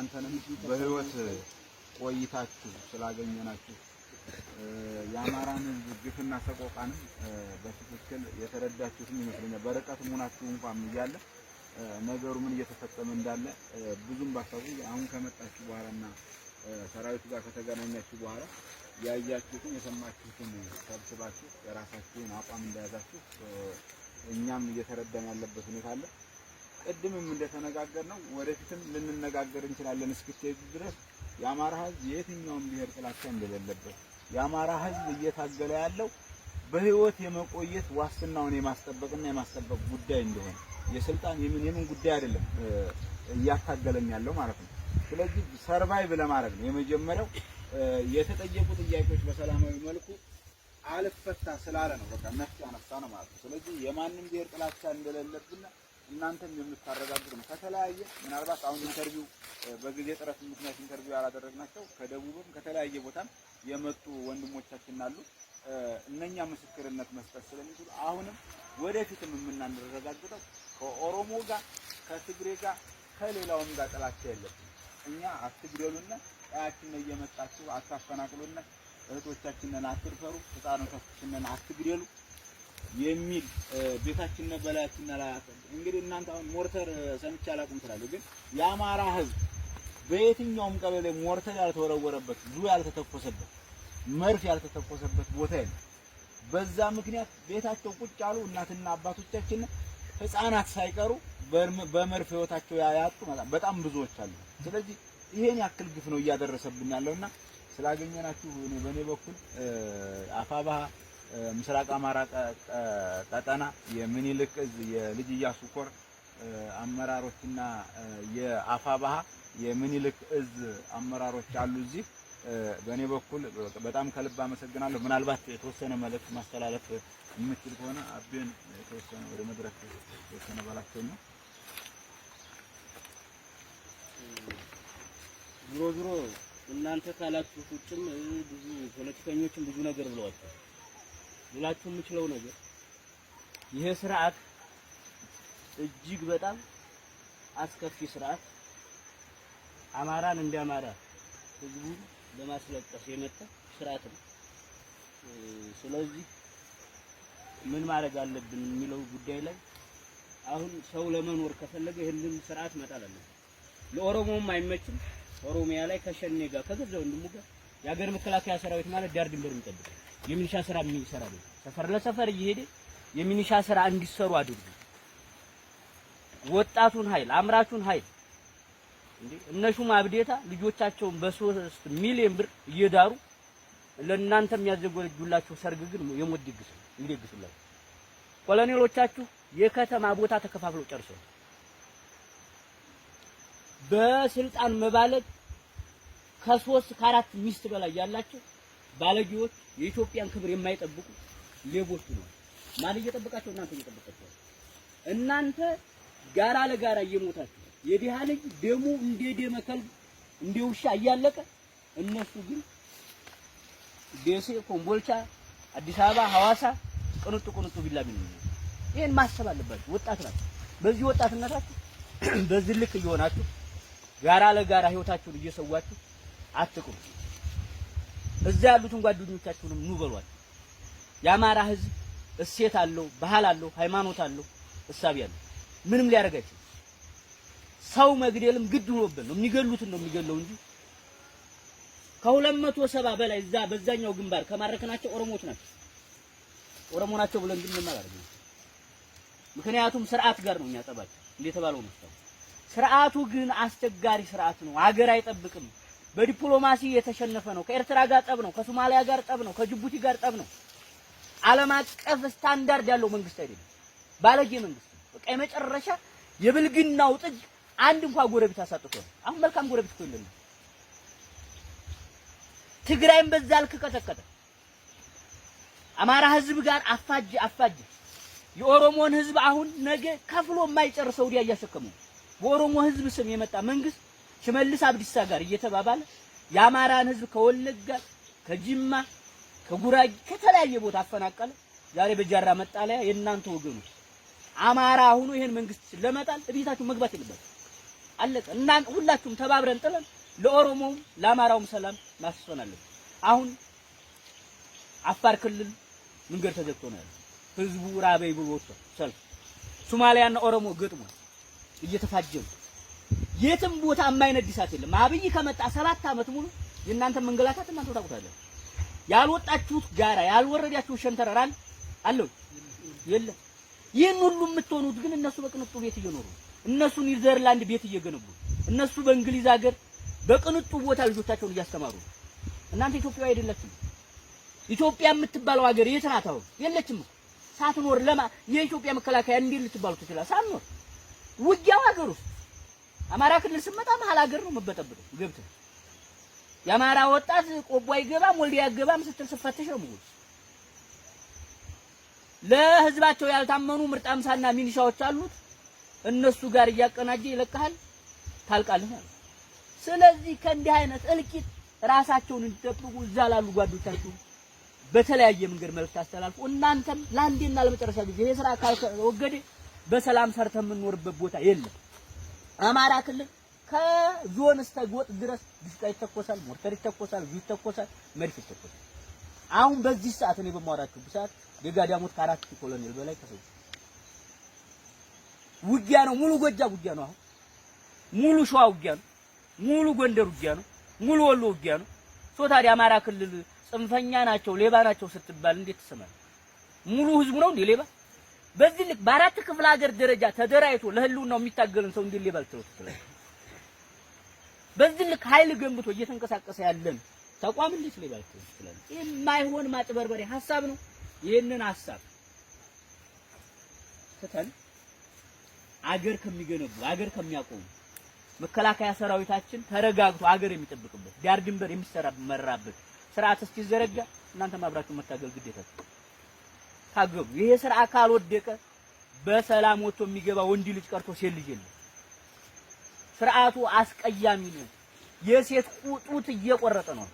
እናንተንም በህይወት ቆይታችሁ ስላገኘናችሁ የአማራን ህዝብ ግፍና ሰቆቃንም በትክክል የተረዳችሁትም ይመስለኛል። በርቀት መሆናችሁ እንኳን እያለ ነገሩ ምን እየተፈጸመ እንዳለ ብዙም ባሳቡ አሁን ከመጣችሁ በኋላና ሰራዊቱ ጋር ከተገናኛችሁ በኋላ ያያችሁትን የሰማችሁትን ሰብስባችሁ የራሳችሁን አቋም እንደያዛችሁ እኛም እየተረዳን ያለበት ሁኔታ አለ። ቅድምም እንደተነጋገር ነው ወደፊትም ልንነጋገር እንችላለን እስክትሄዱ ድረስ የአማራ ህዝብ የትኛውም ብሔር ጥላቻ እንደሌለበት የአማራ ህዝብ እየታገለ ያለው በህይወት የመቆየት ዋስትናውን የማስጠበቅና የማስጠበቅ ጉዳይ እንደሆነ የስልጣን የምን የምን ጉዳይ አይደለም እያታገለም ያለው ማለት ነው። ስለዚህ ሰርቫይቭ ለማድረግ ነው የመጀመሪያው። የተጠየቁ ጥያቄዎች በሰላማዊ መልኩ አልፈታ ስላለ ነው በቃ መፍትሄ አነሳ ነው ማለት ነው። ስለዚህ የማንም ብሔር ጥላቻ እንደሌለብና እናንተም የምታረጋግጥ ነው። ከተለያየ ምናልባት አሁን ኢንተርቪው በጊዜ ጥረት ምክንያት ኢንተርቪው ያላደረግናቸው ከደቡብም ከተለያየ ቦታም የመጡ ወንድሞቻችን አሉ። እነኛ ምስክርነት መስጠት ስለሚችሉ አሁንም ወደፊትም የምናረጋግጠው ከኦሮሞ ጋር ከትግሬ ጋር ከሌላውም ጋር ጥላቻ የለብን። እኛ አትግደሉነ ቀያችን እየመጣችሁ አታፈናቅሉና እህቶቻችንን አትድፈሩ፣ ህፃኖቻችንን አትግደሉ። የሚል ቤታችንና በላያችን አላያፈል እንግዲህ እናንተ አሁን ሞርተር ሰምቼ አላውቅም ትላለህ፣ ግን የአማራ ህዝብ በየትኛውም ቀበሌ ሞርተር ያልተወረወረበት ዙ ያልተተኮሰበት መርፍ ያልተተኮሰበት ቦታ የለም። በዛ ምክንያት ቤታቸው ቁጭ ያሉ እናትና አባቶቻችን ህፃናት ሳይቀሩ በመርፍ ህይወታቸው ያጡ በጣም ብዙዎች አሉ። ስለዚህ ይሄን ያክል ግፍ ነው እያደረሰብን ያለውና ስላገኘናችሁ በእኔ በኩል አፋባሃ ምስራቅ አማራ ቀጠና የሚኒልክ እዝ የልጅ ኢያሱ ኮር አመራሮችና የአፋባሃ የሚኒልክ እዝ አመራሮች አሉ እዚህ። በእኔ በኩል በጣም ከልብ አመሰግናለሁ። ምናልባት የተወሰነ መልእክት ማስተላለፍ የምችል ከሆነ አቤን የተወሰነ ወደ መድረክ የተወሰነ ባላቸው ነው። ዞሮ ዞሮ እናንተ ካላችሁት ውጭም ብዙ ፖለቲከኞችም ብዙ ነገር ብለዋቸው ልላችሁ የምችለው ነገር ይሄ ስርዓት እጅግ በጣም አስከፊ ስርዓት አማራን እንደ አማራ ህዝቡን ለማስለቀስ የመጣ ስርዓት ነው። ስለዚህ ምን ማድረግ አለብን የሚለው ጉዳይ ላይ አሁን ሰው ለመኖር ከፈለገ ይህንን ስርዓት መጣል አለብን። ለኦሮሞም አይመችም። ኦሮሚያ ላይ ከሸኔ ጋር ከገዛ ወንድሙ ጋር የሀገር መከላከያ ሰራዊት ማለት ዳር ድንበር የሚጠብቅ የሚኒሻ ስራ የሚሰራ ነው። ሰፈር ለሰፈር እየሄደ የሚኒሻ ስራ እንዲሰሩ አድርጉ። ወጣቱን ኃይል አምራቹን ኃይል እንዴ እነ አብዴታ ልጆቻቸውን በሶስት ሚሊዮን ብር እየዳሩ ለእናንተ የሚያዘጋጁላችሁ ሰርግ ግን የሞት ድግስ ይደግሱላችሁ። ኮሎኔሎቻችሁ የከተማ ቦታ ተከፋፍለው ጨርሰው በስልጣን መባለግ ከሶስት ከአራት ሚስት በላይ ያላቸው ባለጌዎች የኢትዮጵያን ክብር የማይጠብቁ ሌቦች ነው። ማን እየጠበቃቸው? እናንተ እየጠበቃቸው። እናንተ ጋራ ለጋራ እየሞታችሁ የድሃ ልጅ ደሙ እንደ ደመ ከልብ እንደ ውሻ እያለቀ እነሱ ግን ደሴ፣ ኮምቦልቻ፣ አዲስ አበባ፣ ሐዋሳ ቅንጡ ቅንጡ ቢላ ቢል ነው። ይሄን ማሰብ አለባችሁ። ወጣት ናችሁ። በዚህ ወጣትነታችሁ በዚህ ልክ እየሆናችሁ ጋራ ለጋራ ህይወታችሁን እየሰዋችሁ አትቁም እዛ ያሉትን ጓደኞቻችሁንም ኑ በሏል። የአማራ ህዝብ እሴት አለው፣ ባህል አለው፣ ሃይማኖት አለው፣ እሳቢ አለው። ምንም ሊያደርጋችሁ ሰው መግደልም ግድ ሆኖብን ነው የሚገሉትን ነው የሚገለው እንጂ ከሁለት መቶ ሰባ በላይ እዛ በዛኛው ግንባር ከማረክናቸው ኦሮሞዎች ናቸው። ኦሮሞ ናቸው ብለን ግን መማራር ምክንያቱም ስርዓት ጋር ነው የሚያጠባቸው እንደተባለው ነው። ስርዓቱ ግን አስቸጋሪ ስርዓት ነው። አገር አይጠብቅም። በዲፕሎማሲ የተሸነፈ ነው። ከኤርትራ ጋር ጠብ ነው። ከሶማሊያ ጋር ጠብ ነው። ከጅቡቲ ጋር ጠብ ነው። ዓለም አቀፍ ስታንዳርድ ያለው መንግስት አይደለም፣ ባለጌ መንግስት። በቃ የመጨረሻ የብልግናው ጥግ አንድ እንኳን ጎረቤት አሳጥቶ ነው። አሁን መልካም ጎረቤት እኮ የለም። ትግራይም በዛ ልክ ቀጠቀጠ። አማራ ህዝብ ጋር አፋጅ አፋጅ የኦሮሞን ህዝብ አሁን ነገ ከፍሎ የማይጨርሰው ዲያ እያሸከመው በኦሮሞ ህዝብ ስም የመጣ መንግስት ሽመልስ አብዲሳ ጋር እየተባባለ የአማራን ህዝብ ከወለጋ ከጅማ ከጉራጌ ከተለያየ ቦታ አፈናቀለ። ዛሬ በጃራ መጣለያ የእናንተ ወገኑ አማራ ሆኖ ይሄን መንግስት ለመጣል እቤታችሁ መግባት የለበት። አለቀ። እና ሁላችሁም ተባብረን ጥለን ለኦሮሞውም ለአማራውም ሰላም ማስፈን አሁን አፋር ክልል መንገድ ተዘግቶ ነው ያለው። ህዝቡ ራበይ ብሎ ወጥቷል ሰልፍ። ሶማሊያና ኦሮሞ ገጥሞ እየተፋጀሉ የትም ቦታ የማይነድሳት የለም። አብይ ከመጣ ሰባት ዓመት ሙሉ የእናንተ መንገላታት እናንተ ታውቁታላችሁ። ያልወጣችሁት ጋራ ያልወረዳችሁት ሸንተረራል አለው የለም። ይህን ሁሉ የምትሆኑት ግን እነሱ በቅንጡ ቤት እየኖሩ እነሱ ኒዘርላንድ ቤት እየገነቡ እነሱ በእንግሊዝ ሀገር በቅንጡ ቦታ ልጆቻቸውን እያስተማሩ እናንተ ኢትዮጵያ አይደላችሁም። ኢትዮጵያ የምትባለው ሀገር የት ናት? አሁን የለችም። ሳትኖር ለማ የኢትዮጵያ መከላከያ እንዴት ልትባሉ ትችላላችሁ? ሳትኖር ውጊያው ሀገር ውስጥ አማራ ክልል ስመጣ መሀል ሀገር ነው የምበጠብጠው። ገብተህ የአማራ ወጣት ቆቦ አይገባም ወልዲያ አይገባም ስትል ስፈተሽ ነው የምውል። ለህዝባቸው ያልታመኑ ምርጥ አምሳና ሚኒሻዎች አሉት። እነሱ ጋር እያቀናጀ ይለቅሃል፣ ታልቃለህ ስለዚህ ከእንዲህ አይነት እልቂት ራሳቸውን እንዲጠብቁ እዛ ላሉ ጓዶቻችሁ በተለያየ መንገድ መልዕክት አስተላልፉ። እናንተም ለአንዴና ለመጨረሻ ጊዜ ይሄ ስራ ካልተወገደ በሰላም ሰርተ የምንኖርበት ቦታ የለም። አማራ ክልል ከዞን እስከ ጎጥ ድረስ ዲሽቃ ይተኮሳል፣ ሞርተር ይተኮሳል፣ ዙ ይተኮሳል፣ መድፍ ይተኮሳል። አሁን በዚህ ሰዓት እኔ በማወራችሁ ሰዓት ደጋዳሞት ከአራት ኮሎኔል በላይ ተሰው ውጊያ ነው። ሙሉ ጎጃም ውጊያ ነው። አሁን ሙሉ ሸዋ ውጊያ ነው። ሙሉ ጎንደር ውጊያ ነው። ሙሉ ወሎ ውጊያ ነው። ሶ ታዲያ አማራ ክልል ጽንፈኛ ናቸው፣ ሌባ ናቸው ስትባል እንዴት ትሰማለህ? ሙሉ ህዝቡ ነው እንዴ ሌባ? በዚህ ልክ በአራት ክፍለ ሀገር ደረጃ ተደራጅቶ ለህልውናው የሚታገልን ሰው እንዴት ሊባል ትችላለህ? በዚህ ልክ ኃይል ገንብቶ እየተንቀሳቀሰ ያለን ተቋም እንዴት ሊባል ትችላለህ? የማይሆን ማጭበርበሬ ሀሳብ ነው። ይህንን ሀሳብ ትተን አገር ከሚገነቡ አገር ከሚያቆሙ መከላከያ ሰራዊታችን ተረጋግቶ አገር የሚጠብቅበት ዳር ድንበር የሚሰራ መራበት ስርዓት እስኪዘረጋ እናንተ አብራችሁ መታገል ግዴታ ታገሉ። ይሄ ስራ ካልወደቀ በሰላም ወጥቶ የሚገባ ወንድ ልጅ ቀርቶ ሴት ልጅ የለም። ስርዓቱ አስቀያሚ ነው። የሴት ጡት እየቆረጠ ነው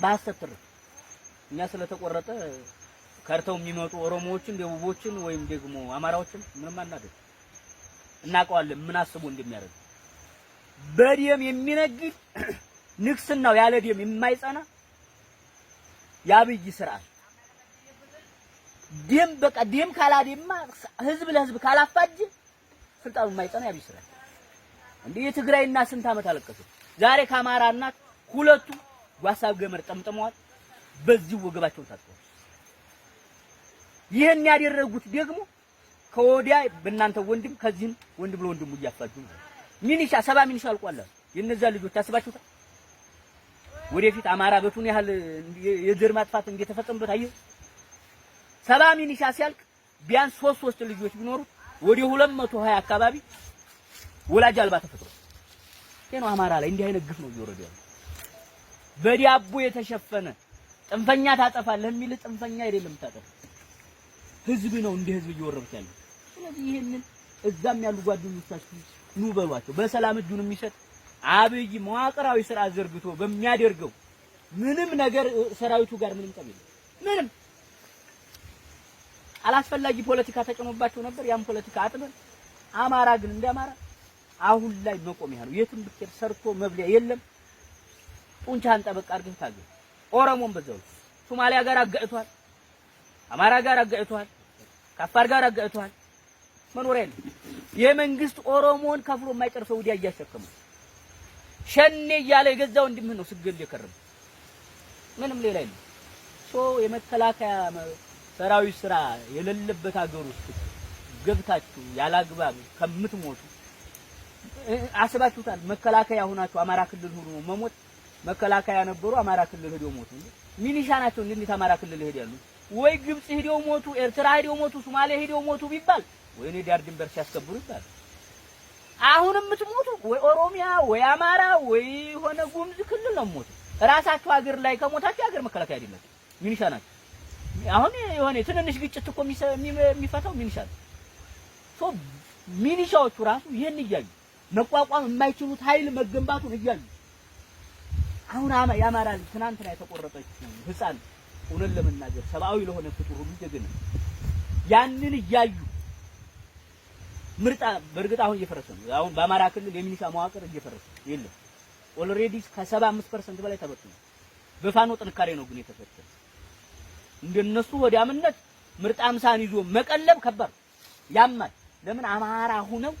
በሐሰት ትርፍ። እኛ ስለተቆረጠ ከርተው የሚመጡ ኦሮሞዎችን፣ ደቡቦችን ወይም ደግሞ አማራዎችን ምንም አናደርግ እናውቀዋለን። ምን አስቦ እንደሚያደርግ በደም የሚነግድ ንግስናው ያለ ደም የማይጸና የአብይ ስርዓት ደም በቃ ደም ካላደማ ህዝብ ለህዝብ ካላፋጅ ስልጣኑ የማይጸና ያብ ይችላል። እንዴ የትግራይ ስንት አመት አለቀሰ። ዛሬ ከአማራ እናት ሁለቱ ጓሳ ገመድ ጠምጥመዋል። በዚህ ወገባቸው ታጥቀዋል። ይህን ያደረጉት ደግሞ ከወዲያ በእናንተ ወንድም ከዚህም ወንድም ለወንድሙ እያፋጁ ሚኒሻ ሰባ ሚኒሻ አልቋል። የነዛ ልጆች ታስባችሁታል። ወደፊት አማራ በቱን ያህል የዘር ማጥፋት እንደተፈጸመበት አየህ። ሰባ ሚሊሻ ሲያልቅ ቢያንስ ሶስት ሶስት ልጆች ቢኖሩት ወደ 220 አካባቢ ወላጅ አልባ ተፈጥሮ ይሄ ነው አማራ ላይ እንዲህ አይነት ግፍ ነው እየወረደ ያለው። በዲያቦ የተሸፈነ ጥንፈኛ ታጠፋለህ የሚል ጥንፈኛ አይደለም ታጠፋ ህዝብ ነው እንደ ህዝብ እየወረደ ያለው። ስለዚህ ይሄንን እዛም ያሉ ጓደኞቻችሁ ኑ በሏቸው። በሰላም እጁን የሚሰጥ አብይ መዋቅራዊ ስራ ዘርግቶ በሚያደርገው ምንም ነገር ሰራዊቱ ጋር ምንም ጠብ የለም ምንም አላስፈላጊ ፖለቲካ ተጭኖባቸው ነበር። ያም ፖለቲካ አጥበን አማራ ግን እንደ አማራ አሁን ላይ መቆሚያ ነው። የትም ብትሄድ ሰርቶ መብሊያ የለም። ጡንቻህን ጠበቅ አድርገህ ታገኝ። ኦሮሞን በዛው ሶማሊያ ጋር አጋጭቷል፣ አማራ ጋር አጋጭቷል፣ ከአፋር ጋር አጋጭቷል። መኖሪያ የለም። የመንግስት ኦሮሞን ከፍሎ የማይጨርሰው ወዲያ እያሸከመ ሸኔ እያለ የገዛው እንድምህ ነው ስገል የከረመ ምንም ሌላ የለም። ሶ የመከላከያ ሰራዊ ስራ የሌለበት ሀገር ውስጥ ገብታችሁ ያላግባብ ከምትሞቱ አስባችሁታል? መከላከያ ሆናችሁ አማራ ክልል ሆኖ መሞት። መከላከያ ነበሩ አማራ ክልል ሄደው ሞቱ። ሚሊሻ ናቸው እንዴት አማራ ክልል ሄደው ያሉ? ወይ ግብጽ ሄደው ሞቱ፣ ኤርትራ ሄደው ሞቱ፣ ሶማሊያ ሄደው ሞቱ ቢባል ወይኔ ዳር ድንበር ሲያስከብሩ ይባል። አሁን የምትሞቱ ወይ ኦሮሚያ ወይ አማራ ወይ ሆነ ጉምዝ ክልል ነው ሞቱ። ራሳችሁ ሀገር ላይ ከሞታችሁ የሀገር መከላከያ አይደለም ሚሊሻ ናቸው። አሁን የሆነ ትንንሽ ግጭት እኮ የሚፈታው ሚኒሻ ነው። ሶ ራሱ ይህን እያዩ መቋቋም የማይችሉት ኃይል መገንባቱን እያዩ አሁን የአማራ ልጅ ትናንትና የተቆረጠች ህፃን እውነት ለመናገር ሰብአዊ ለሆነ ፍጡር ሁሉ ጀግና ያንን እያዩ ምርጣ በእርግጥ አሁን እየፈረሰ ነው። አሁን በአማራ ክልል የሚኒሻ መዋቅር እየፈረሰ የለም። ኦልሬዲ ከ75% በላይ ተበትኗል። በፋኖ ጥንካሬ ነው ግን የተፈተነ እንደነሱ ወዲያምነት ምርጥ አምሳን ይዞ መቀለብ ከበር ያማል። ለምን አማራ ሁነው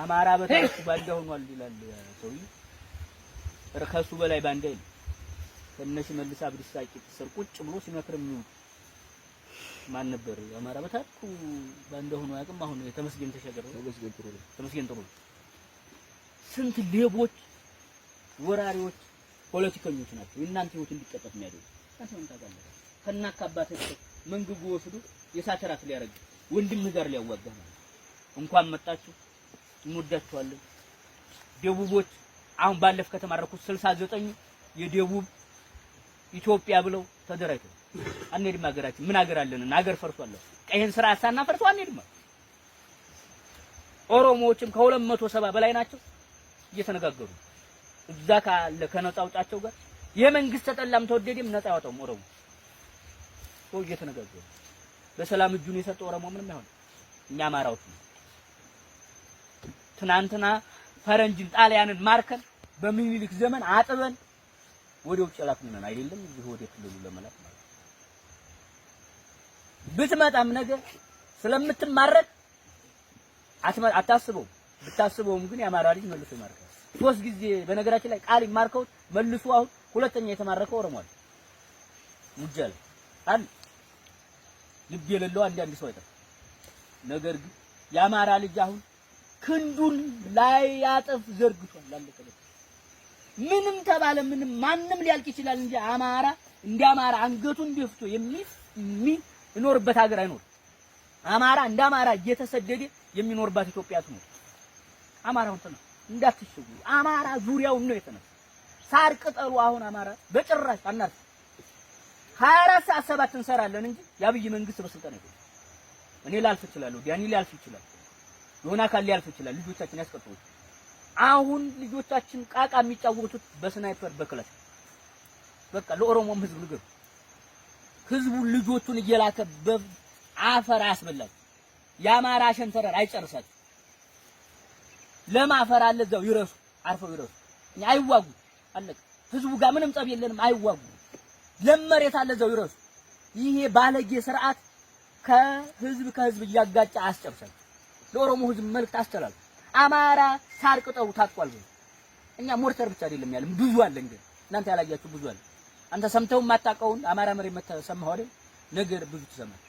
አማራ በታች ባንዳ ሆኗል ይላል ሰውዬው። እርከሱ በላይ ባንዳ ይላል። ከነ ሽመልስ አብዲሳ ቂጥ ስር ቁጭ ብሎ ሲመክር የሚውል ማን ነበር? አማራ በታች ባንዳ ሆኖ አያውቅም። አሁን ተመስገን ተሻገረ ተመስገን ጥሩ ተመስገን ጥሩ ስንት ሌቦች፣ ወራሪዎች፣ ፖለቲከኞች ናቸው የእናንተ ህይወት እንዲቀጠፍ የሚያደርጉ ራስህን ታውቃለህ። ከእናት ከአባትህ መንግጉ ወስዶ የእሳት ራት ወንድምህ ጋር ሊያዋጋ ማለት እንኳን መጣችሁ፣ እንወዳችኋለን። ደቡቦች አሁን ባለፍ ከተማረኩት ስልሳ የደቡብ ኢትዮጵያ ብለው ተደራጅተው አንሄድም። ሀገራችን ምን ሀገር አለን? ሀገር ፈርሷል። ቀይህን ስራ አሳና ፈርሷል። አንሄድም። ኦሮሞዎችም ከሁለት መቶ ሰባ በላይ ናቸው እየተነጋገሩ እዛ ካለ ከነጻ አውጫቸው ጋር የመንግስት ተጠላም ተወደደም ነፃ ያወጣውም ኦሮሞ ሰው እየተነጋገሩ በሰላም እጁን የሰጠው ኦሮሞ ምንም አይሆን። እኛ አማራዎች ትናንትና ፈረንጅን ጣሊያንን ማርከን በሚኒሊክ ዘመን አጥበን ወደ ውጭ ላክነን አይደለም እዚህ ወደ ክልሉ ለመላክ ማለት ብትመጣም ነገ ስለምትማረክ አታስበውም። ብታስበውም ግን የአማራ ልጅ መልሶ ይማርካል ሶስት ጊዜ በነገራችን ላይ ቃል ይማርከው መልሶ አሁን ሁለተኛ የተማረከው ኦሮሞ አለ ሙጃል አለ ልብ የሌለው አንድ ሰው አይጠፍ። ነገር ግን የአማራ ልጅ አሁን ክንዱን ላይ ያጠፍ ዘርግቷል። ላለቀለት ምንም ተባለ ምንም ማንም ሊያልቅ ይችላል እንጂ አማራ እንደ አማራ አንገቱን ደፍቶ የሚኖርበት ሀገር አይኖርም። አማራ እንደ አማራ እየተሰደደ የሚኖርባት ኢትዮጵያ ትኖር። አማራውን ተነሱ፣ እንዳትሸጉ። አማራ ዙሪያውን ነው የተነሳ ሳር ቅጠሉ አሁን አማራ በጭራሽ አናርፍ። 24 ሰዓት ሰባት እንሰራለን እንጂ የአብይ መንግስት በስልጣን አይደለም። እኔ ላልፍ እችላለሁ፣ ዲያኒ ሊያልፍ ይችላል፣ የሆነ አካል ሊያልፍ ይችላል። ልጆቻችን ያስቀጥሩ። አሁን ልጆቻችን ቃቃ የሚጫወቱት በስናይፐር በክላሽ በቃ ለኦሮሞም ህዝብ ንገሩ። ህዝቡ ልጆቹን እየላከ በአፈር አያስበላችሁ። የአማራ ሸንተረር አይጨርሳችሁ። ለማፈር አለ እዛው ይረሱ፣ አርፈው ይረሱ። አይዋጉት አለቀ። ህዝቡ ጋር ምንም ጸብ የለንም፣ አይዋጉ ለመሬት አለ ዘው ይረሱ። ይሄ ባለጌ ስርዓት ከህዝብ ከህዝብ እያጋጨ አስጨርሰን። ለኦሮሞ ህዝብ መልዕክት አስተላል አማራ ሳር ቅጠው ታጥቋል። እኛ ሞርተር ብቻ አይደለም ያለም ብዙ አለ። እንግዲህ እናንተ ያላያችሁ ብዙ አለ። አንተ ሰምተው የማታውቀውን አማራ መሬት መተሰማው አይደል ነገር ብዙ ትሰማል።